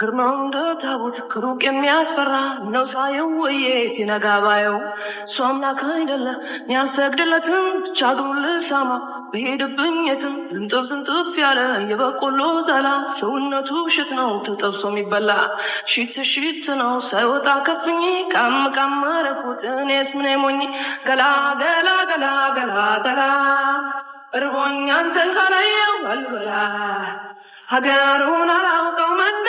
ግርማው እንደ ታቦት ከሩቅ የሚያስፈራ ነው ሳየው ወዬ ሲነጋ ባየው እሱ አምላክ አይደለ ያሰግድለትም ብቻ እግሩን ልሳማ በሄድብኝ የትም ዝንጥፍ ዝንጥፍ ያለ የበቆሎ ዛላ ሰውነቱ ሽት ነው ተጠብሶ የሚበላ ሽት ሽት ነው ሳይወጣ ከፍኝ ቃም ቃም አረኩት እኔስ ምን ሞኝ ገላ ገላ ገላ ገላ ገላ እርቦኛ አንተን አልበላ ሀገሩን አላውቀው መንደ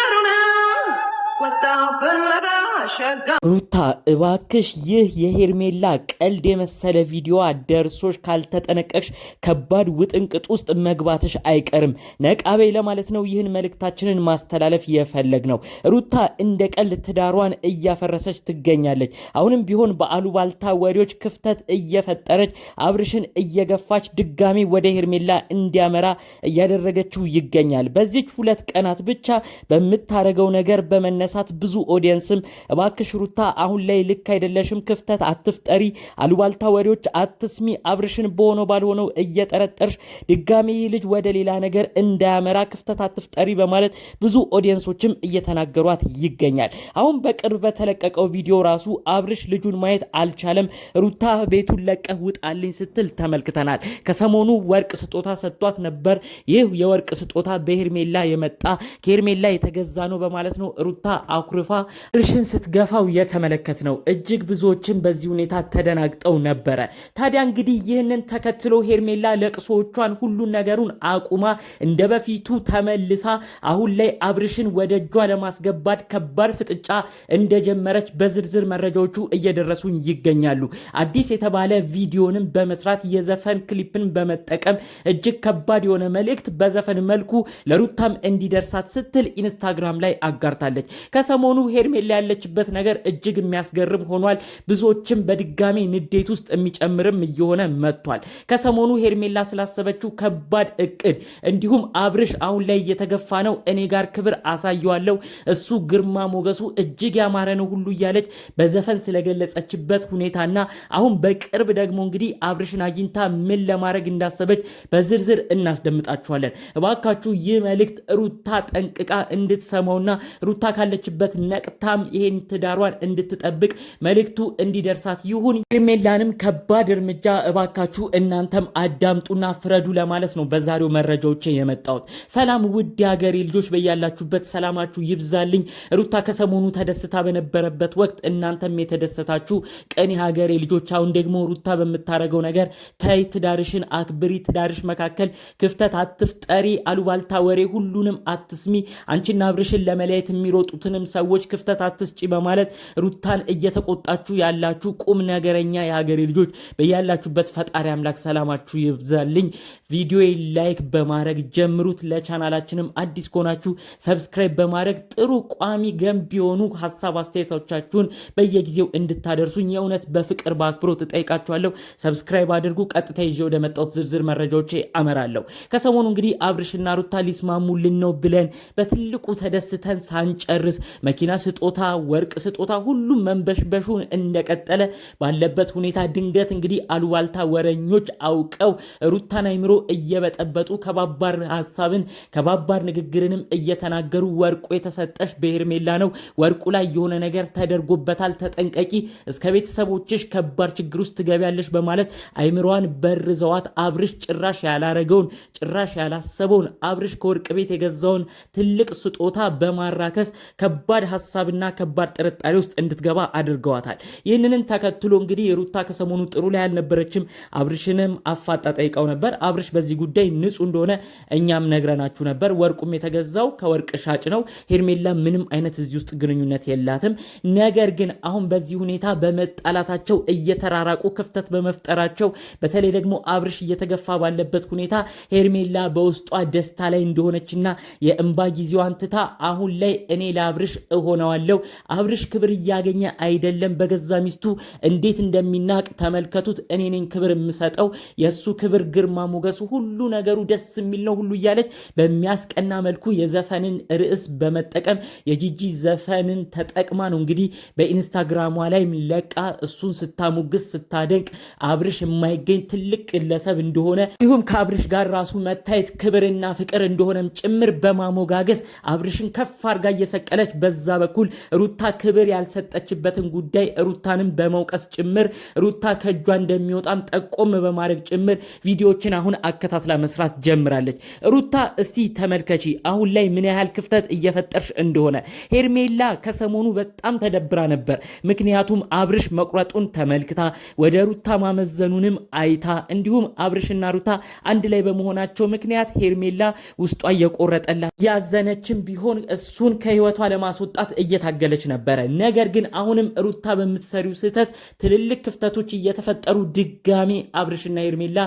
ሩታ እባክሽ ይህ የሄርሜላ ቀልድ የመሰለ ቪዲዮ አደርሶች ካልተጠነቀቅሽ ከባድ ውጥንቅጥ ውስጥ መግባትሽ አይቀርም። ነቃቤ ለማለት ነው ይህን መልእክታችንን ማስተላለፍ የፈለግ ነው። ሩታ እንደ ቀልድ ትዳሯን እያፈረሰች ትገኛለች። አሁንም ቢሆን በአሉባልታ ወሬዎች ክፍተት እየፈጠረች አብርሽን እየገፋች ድጋሚ ወደ ሄርሜላ እንዲያመራ እያደረገችው ይገኛል። በዚች ሁለት ቀናት ብቻ በምታደርገው ነገር በመነ በመነሳት ብዙ ኦዲየንስም እባክሽ ሩታ አሁን ላይ ልክ አይደለሽም፣ ክፍተት አትፍጠሪ፣ አሉባልታ ወሬዎች አትስሚ፣ አብርሽን በሆነው ባልሆነው እየጠረጠርሽ ድጋሜ ልጅ ወደ ሌላ ነገር እንዳያመራ ክፍተት አትፍጠሪ በማለት ብዙ ኦዲየንሶችም እየተናገሯት ይገኛል። አሁን በቅርብ በተለቀቀው ቪዲዮ ራሱ አብርሽ ልጁን ማየት አልቻለም፣ ሩታ ቤቱን ለቀህ ውጣልኝ ስትል ተመልክተናል። ከሰሞኑ ወርቅ ስጦታ ሰጥቷት ነበር። ይህ የወርቅ ስጦታ በሄርሜላ የመጣ ከሄርሜላ የተገዛ ነው በማለት ነው ሩታ አኩርፋ እርሽን ስትገፋው የተመለከት ነው። እጅግ ብዙዎችን በዚህ ሁኔታ ተደናግጠው ነበረ። ታዲያ እንግዲህ ይህንን ተከትሎ ሄርሜላ ለቅሶቿን ሁሉን ነገሩን አቁማ እንደ በፊቱ ተመልሳ አሁን ላይ አብርሽን ወደ እጇ ለማስገባት ከባድ ፍጥጫ እንደጀመረች በዝርዝር መረጃዎቹ እየደረሱን ይገኛሉ። አዲስ የተባለ ቪዲዮንም በመስራት የዘፈን ክሊፕን በመጠቀም እጅግ ከባድ የሆነ መልእክት በዘፈን መልኩ ለሩታም እንዲደርሳት ስትል ኢንስታግራም ላይ አጋርታለች። ከሰሞኑ ሄርሜላ ያለችበት ነገር እጅግ የሚያስገርም ሆኗል። ብዙዎችም በድጋሚ ንዴት ውስጥ የሚጨምርም እየሆነ መጥቷል። ከሰሞኑ ሄርሜላ ስላሰበችው ከባድ እቅድ እንዲሁም አብርሽ አሁን ላይ እየተገፋ ነው፣ እኔ ጋር ክብር አሳየዋለሁ፣ እሱ ግርማ ሞገሱ እጅግ ያማረ ነው ሁሉ እያለች በዘፈን ስለገለጸችበት ሁኔታና አሁን በቅርብ ደግሞ እንግዲህ አብርሽን አግኝታ ምን ለማድረግ እንዳሰበች በዝርዝር እናስደምጣችኋለን። እባካችሁ ይህ መልእክት ሩታ ጠንቅቃ እንድትሰማውና ሩታ ካለ ያለችበት ነቅታም ይሄን ትዳሯን እንድትጠብቅ መልእክቱ እንዲደርሳት ይሁን። ሄርሜላንም ከባድ እርምጃ እባካችሁ እናንተም አዳምጡና ፍረዱ ለማለት ነው በዛሬው መረጃዎች የመጣሁት። ሰላም ውድ የሀገሬ ልጆች በያላችሁበት ሰላማችሁ ይብዛልኝ። ሩታ ከሰሞኑ ተደስታ በነበረበት ወቅት እናንተም የተደሰታችሁ ቀን የሀገሬ ልጆች፣ አሁን ደግሞ ሩታ በምታደርገው ነገር ተይ፣ ትዳርሽን አክብሪ፣ ትዳርሽ መካከል ክፍተት አትፍጠሪ፣ አሉባልታ ወሬ ሁሉንም አትስሚ። አንቺና አብርሽን ለመለየት የሚሮጡት የሚሉትንም ሰዎች ክፍተት አትስጪ በማለት ሩታን እየተቆጣችሁ ያላችሁ ቁም ነገረኛ የሀገሬ ልጆች በያላችሁበት ፈጣሪ አምላክ ሰላማችሁ ይብዛልኝ። ቪዲዮ ላይክ በማድረግ ጀምሩት። ለቻናላችንም አዲስ ከሆናችሁ ሰብስክራይብ በማድረግ ጥሩ ቋሚ ገንቢ የሆኑ ሀሳብ አስተያየቶቻችሁን በየጊዜው እንድታደርሱኝ የእውነት በፍቅር በአክብሮት እጠይቃችኋለሁ። ሰብስክራይብ አድርጉ። ቀጥታ ይዤ ወደ መጣሁት ዝርዝር መረጃዎች አመራለሁ። ከሰሞኑ እንግዲህ አብርሽና ሩታ ሊስማሙልን ነው ብለን በትልቁ ተደስተን ሳንጨርስ ድግስ፣ መኪና ስጦታ፣ ወርቅ ስጦታ ሁሉም መንበሽበሹ እንደቀጠለ ባለበት ሁኔታ ድንገት እንግዲህ አሉባልታ ወረኞች አውቀው ሩታን አይምሮ እየበጠበጡ ከባባር ሀሳብን ከባባር ንግግርንም እየተናገሩ ወርቁ የተሰጠሽ በሄርሜላ ነው፣ ወርቁ ላይ የሆነ ነገር ተደርጎበታል፣ ተጠንቀቂ፣ እስከ ቤተሰቦችሽ ከባድ ችግር ውስጥ ትገቢያለሽ በማለት አይምሮዋን በርዘዋት አብርሽ ጭራሽ ያላረገውን ጭራሽ ያላሰበውን አብርሽ ከወርቅ ቤት የገዛውን ትልቅ ስጦታ በማራከስ ከባድ ሀሳብና ከባድ ጥርጣሬ ውስጥ እንድትገባ አድርገዋታል። ይህንንን ተከትሎ እንግዲህ ሩታ ከሰሞኑ ጥሩ ላይ አልነበረችም። አብርሽንም አፋጣ ጠይቀው ነበር። አብርሽ በዚህ ጉዳይ ንጹህ እንደሆነ እኛም ነግረናችሁ ነበር። ወርቁም የተገዛው ከወርቅ ሻጭ ነው። ሄርሜላ ምንም አይነት እዚህ ውስጥ ግንኙነት የላትም። ነገር ግን አሁን በዚህ ሁኔታ በመጣላታቸው እየተራራቁ ክፍተት በመፍጠራቸው በተለይ ደግሞ አብርሽ እየተገፋ ባለበት ሁኔታ ሄርሜላ በውስጧ ደስታ ላይ እንደሆነችና የእንባ ጊዜዋን ትታ አሁን ላይ እኔ አብርሽ እሆነዋለሁ። አብርሽ ክብር እያገኘ አይደለም። በገዛ ሚስቱ እንዴት እንደሚናቅ ተመልከቱት። እኔ ነኝ ክብር የምሰጠው። የእሱ ክብር፣ ግርማ ሞገሱ፣ ሁሉ ነገሩ ደስ የሚል ነው ሁሉ እያለች በሚያስቀና መልኩ የዘፈንን ርዕስ በመጠቀም የጂጂ ዘፈንን ተጠቅማ ነው እንግዲህ በኢንስታግራሟ ላይ ለቃ እሱን ስታሞግስ ስታደንቅ አብርሽ የማይገኝ ትልቅ ግለሰብ እንደሆነ እንዲሁም ከአብርሽ ጋር ራሱ መታየት ክብርና ፍቅር እንደሆነም ጭምር በማሞጋገስ አብርሽን ከፍ አድርጋ እየሰቀ እንደቀጠለች በዛ በኩል ሩታ ክብር ያልሰጠችበትን ጉዳይ ሩታንም በመውቀስ ጭምር ሩታ ከእጇ እንደሚወጣም ጠቆም በማድረግ ጭምር ቪዲዮዎችን አሁን አከታትላ መስራት ጀምራለች። ሩታ እስቲ ተመልከቺ አሁን ላይ ምን ያህል ክፍተት እየፈጠርሽ እንደሆነ። ሄርሜላ ከሰሞኑ በጣም ተደብራ ነበር። ምክንያቱም አብርሽ መቁረጡን ተመልክታ ወደ ሩታ ማመዘኑንም አይታ እንዲሁም አብርሽና ሩታ አንድ ላይ በመሆናቸው ምክንያት ሄርሜላ ውስጧ እየቆረጠላት ያዘነችም ቢሆን እሱን ከህይወቷ ለማስወጣት እየታገለች ነበረ። ነገር ግን አሁንም ሩታ በምትሰሪው ስህተት ትልልቅ ክፍተቶች እየተፈጠሩ ድጋሚ አብርሽና ኤርሜላ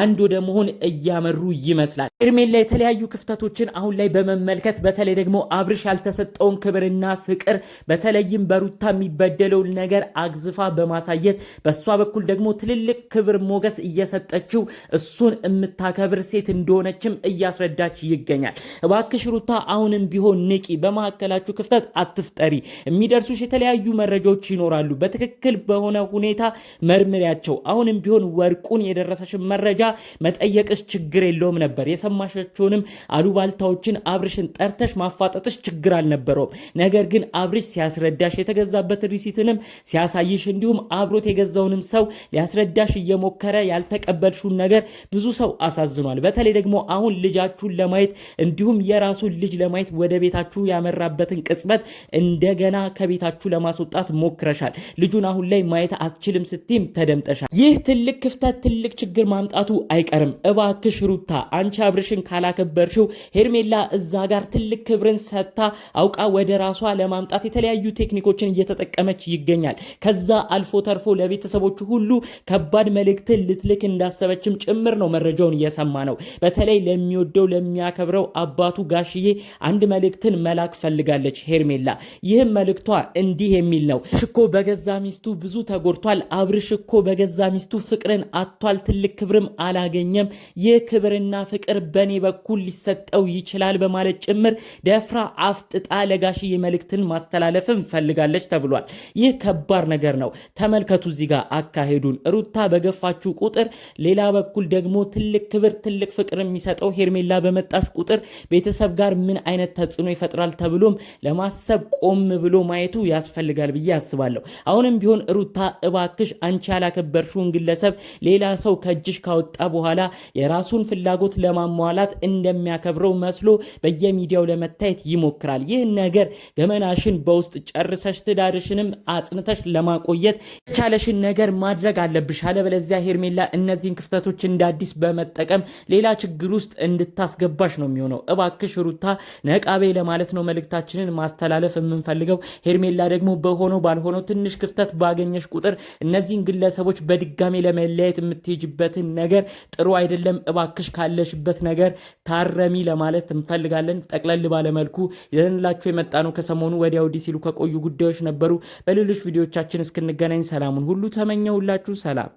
አንድ ወደ መሆን እያመሩ ይመስላል። ኤርሜላ የተለያዩ ክፍተቶችን አሁን ላይ በመመልከት በተለይ ደግሞ አብርሽ ያልተሰጠውን ክብርና ፍቅር በተለይም በሩታ የሚበደለውን ነገር አግዝፋ በማሳየት በእሷ በኩል ደግሞ ትልልቅ ክብር ሞገስ እየሰጠችው እሱን የምታከብር ሴት እንደሆነችም እያስረዳች ይገኛል። እባክሽ ሩታ አሁንም ቢሆን ንቂ በመካከላችሁ በራሳችሁ ክፍተት አትፍጠሪ። የሚደርሱሽ የተለያዩ መረጃዎች ይኖራሉ። በትክክል በሆነ ሁኔታ መርምሪያቸው። አሁንም ቢሆን ወርቁን የደረሰሽን መረጃ መጠየቅስ ችግር የለውም ነበር። የሰማሻቸውንም አሉባልታዎችን አብርሽን ጠርተሽ ማፋጠጥሽ ችግር አልነበረውም። ነገር ግን አብርሽ ሲያስረዳሽ የተገዛበት ሪሲትንም ሲያሳይሽ እንዲሁም አብሮት የገዛውንም ሰው ሊያስረዳሽ እየሞከረ ያልተቀበልሽውን ነገር ብዙ ሰው አሳዝኗል። በተለይ ደግሞ አሁን ልጃችሁን ለማየት እንዲሁም የራሱን ልጅ ለማየት ወደ ቤታችሁ ያመራበትን ያለበትን ቅጽበት እንደገና ከቤታችሁ ለማስወጣት ሞክረሻል። ልጁን አሁን ላይ ማየት አትችልም ስትም ተደምጠሻል። ይህ ትልቅ ክፍተት ትልቅ ችግር ማምጣቱ አይቀርም። እባክሽ ሩታ አንቺ አብርሽን ካላከበርሽው ሄርሜላ እዛ ጋር ትልቅ ክብርን ሰጥታ አውቃ ወደ ራሷ ለማምጣት የተለያዩ ቴክኒኮችን እየተጠቀመች ይገኛል። ከዛ አልፎ ተርፎ ለቤተሰቦቹ ሁሉ ከባድ መልእክትን ልትልክ እንዳሰበችም ጭምር ነው መረጃውን እየሰማ ነው። በተለይ ለሚወደው ለሚያከብረው አባቱ ጋሽዬ አንድ መልእክትን መላክ ፈልጋለች። ትገኛለች ሄርሜላ። ይህም መልእክቷ እንዲህ የሚል ነው። ሽኮ በገዛ ሚስቱ ብዙ ተጎድቷል። አብርሽ እኮ በገዛ ሚስቱ ፍቅርን አጥቷል። ትልቅ ክብርም አላገኘም። ይህ ክብርና ፍቅር በእኔ በኩል ሊሰጠው ይችላል በማለት ጭምር ደፍራ አፍጥጣ ለጋሽዬ መልእክትን ማስተላለፍ ፈልጋለች ተብሏል። ይህ ከባድ ነገር ነው። ተመልከቱ እዚህ ጋር አካሄዱን ሩታ በገፋችሁ ቁጥር፣ ሌላ በኩል ደግሞ ትልቅ ክብር ትልቅ ፍቅር የሚሰጠው ሄርሜላ በመጣች ቁጥር ቤተሰብ ጋር ምን አይነት ተጽዕኖ ይፈጥራል ተብሎም ለማሰብ ቆም ብሎ ማየቱ ያስፈልጋል ብዬ አስባለሁ። አሁንም ቢሆን ሩታ እባክሽ አንቺ ያላከበርሽውን ግለሰብ ሌላ ሰው ከእጅሽ ካወጣ በኋላ የራሱን ፍላጎት ለማሟላት እንደሚያከብረው መስሎ በየሚዲያው ለመታየት ይሞክራል። ይህ ነገር ገመናሽን በውስጥ ጨርሰሽ ትዳርሽንም አጽንተሽ ለማቆየት የቻለሽን ነገር ማድረግ አለብሽ። አለበለዚያ ሄርሜላ እነዚህን ክፍተቶች እንደ አዲስ በመጠቀም ሌላ ችግር ውስጥ እንድታስገባሽ ነው የሚሆነው። እባክሽ ሩታ ነቃቤ ለማለት ነው መልእክታችንን መልእክታችንን ማስተላለፍ የምንፈልገው ሄርሜላ ደግሞ በሆነው ባልሆነው ትንሽ ክፍተት ባገኘሽ ቁጥር እነዚህን ግለሰቦች በድጋሚ ለመለያየት የምትሄጅበትን ነገር ጥሩ አይደለም፣ እባክሽ ካለሽበት ነገር ታረሚ ለማለት እንፈልጋለን። ጠቅለል ባለመልኩ ይዘንላችሁ የመጣ ነው። ከሰሞኑ ወዲያ ወዲህ ሲሉ ከቆዩ ጉዳዮች ነበሩ። በሌሎች ቪዲዮቻችን እስክንገናኝ ሰላሙን ሁሉ ተመኘሁላችሁ። ሰላም